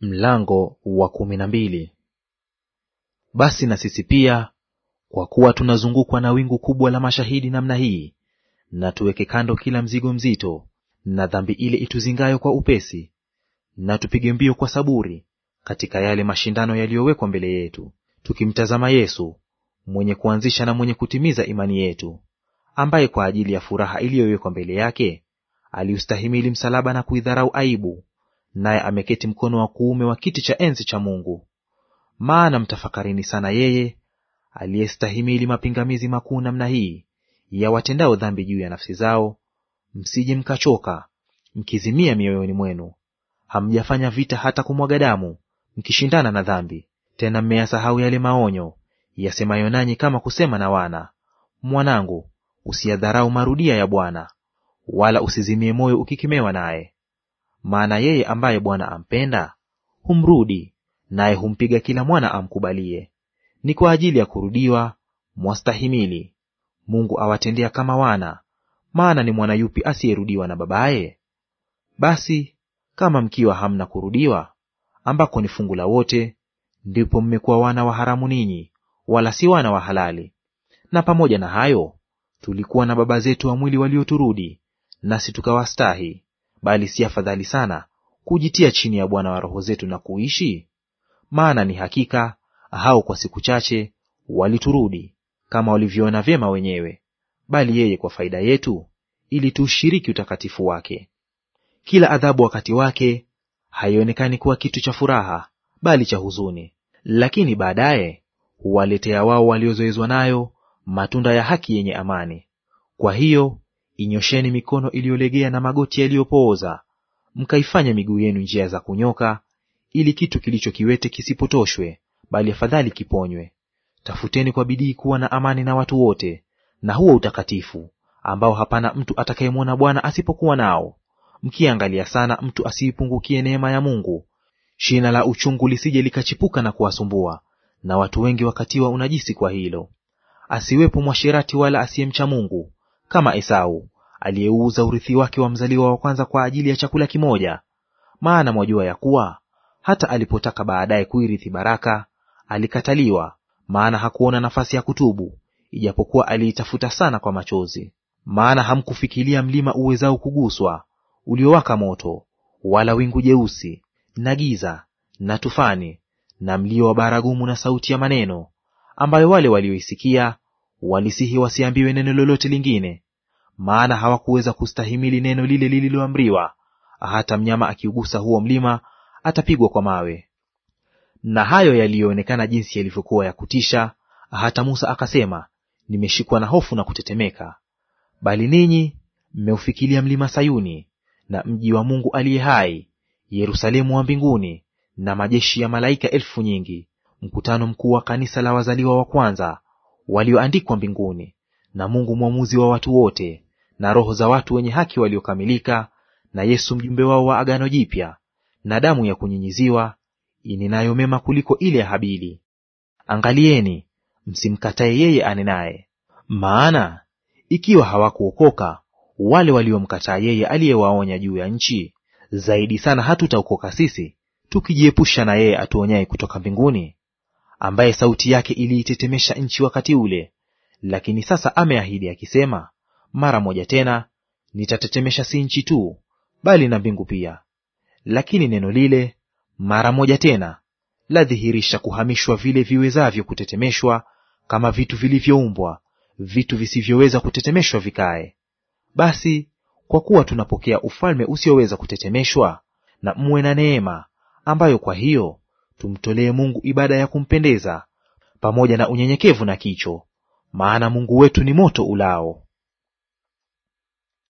Mlango wa kumi na mbili. Basi na sisi pia, kwa kuwa tunazungukwa na wingu kubwa la mashahidi namna hii, na tuweke kando kila mzigo mzito na dhambi ile ituzingayo kwa upesi, na tupige mbio kwa saburi katika yale mashindano yaliyowekwa mbele yetu, tukimtazama Yesu mwenye kuanzisha na mwenye kutimiza imani yetu, ambaye kwa ajili ya furaha iliyowekwa mbele yake aliustahimili msalaba na kuidharau aibu naye ameketi mkono wa kuume wa kiti cha enzi cha Mungu. Maana mtafakarini sana yeye aliyestahimili mapingamizi makuu namna hii ya watendao dhambi juu ya nafsi zao, msije mkachoka mkizimia mioyoni mwenu. Hamjafanya vita hata kumwaga damu, mkishindana na dhambi. Tena mmeyasahau yale maonyo yasemayo nanyi kama kusema na wana, mwanangu, usiyadharau marudia ya Bwana, wala usizimie moyo ukikemewa naye. Maana yeye ambaye Bwana ampenda humrudi, naye humpiga kila mwana amkubalie. Ni kwa ajili ya kurudiwa mwastahimili. Mungu awatendea kama wana, maana ni mwana yupi asiyerudiwa na babaye? Basi kama mkiwa hamna kurudiwa, ambako ni fungu la wote, ndipo mmekuwa wana wa haramu ninyi, wala si wana wa halali. Na pamoja na hayo tulikuwa na baba zetu wa mwili walioturudi, nasi tukawastahi Bali si afadhali sana kujitia chini ya Bwana wa roho zetu na kuishi? Maana ni hakika hao kwa siku chache waliturudi kama walivyoona vyema wenyewe, bali yeye kwa faida yetu, ili tuushiriki utakatifu wake. Kila adhabu wakati wake haionekani kuwa kitu cha furaha, bali cha huzuni, lakini baadaye huwaletea wao waliozoezwa nayo matunda ya haki yenye amani. Kwa hiyo inyosheni mikono iliyolegea na magoti yaliyopooza, mkaifanya miguu yenu njia za kunyoka, ili kitu kilicho kiwete kisipotoshwe, bali afadhali kiponywe. Tafuteni kwa bidii kuwa na amani na watu wote, na huo utakatifu ambao hapana mtu atakayemwona Bwana asipokuwa nao, mkiangalia sana mtu asiipungukie neema ya Mungu, shina la uchungu lisije likachipuka na kuwasumbua, na watu wengi wakatiwa unajisi kwa hilo. Asiwepo mwasherati wala asiyemcha Mungu, kama Esau aliyeuuza urithi wake wa mzaliwa wa kwanza kwa ajili ya chakula kimoja. Maana mwajua ya kuwa hata alipotaka baadaye kuirithi baraka, alikataliwa, maana hakuona nafasi ya kutubu, ijapokuwa aliitafuta sana kwa machozi. Maana hamkufikilia mlima uwezao kuguswa, uliowaka moto, wala wingu jeusi na giza na tufani na mlio wa baragumu na sauti ya maneno, ambayo wale walioisikia walisihi wasiambiwe neno lolote lingine, maana hawakuweza kustahimili neno lile lililoamriwa, hata mnyama akiugusa huo mlima atapigwa kwa mawe. Na hayo yaliyoonekana jinsi yalivyokuwa ya kutisha, hata Musa akasema, nimeshikwa na hofu na kutetemeka. Bali ninyi mmeufikilia mlima Sayuni na mji wa Mungu aliye hai, Yerusalemu wa mbinguni, na majeshi ya malaika elfu nyingi, mkutano mkuu wa kanisa la wazaliwa wa kwanza walioandikwa mbinguni, na Mungu mwamuzi wa watu wote, na roho za watu wenye haki waliokamilika, na Yesu mjumbe wao wa agano jipya, na damu ya kunyinyiziwa ininayo mema kuliko ile ya Habili. Angalieni msimkatae yeye anenaye. Maana ikiwa hawakuokoka wale waliomkataa yeye aliyewaonya juu ya nchi, zaidi sana hatutaokoka sisi tukijiepusha na yeye atuonyaye kutoka mbinguni ambaye sauti yake iliitetemesha nchi wakati ule, lakini sasa ameahidi akisema, mara moja tena nitatetemesha si nchi tu, bali na mbingu pia. Lakini neno lile mara moja tena ladhihirisha kuhamishwa vile viwezavyo kutetemeshwa, kama vitu vilivyoumbwa, vitu visivyoweza kutetemeshwa vikae. Basi kwa kuwa tunapokea ufalme usioweza kutetemeshwa, na mwe na neema ambayo kwa hiyo tumtolee Mungu ibada ya kumpendeza pamoja na unyenyekevu na kicho, maana Mungu wetu ni moto ulao.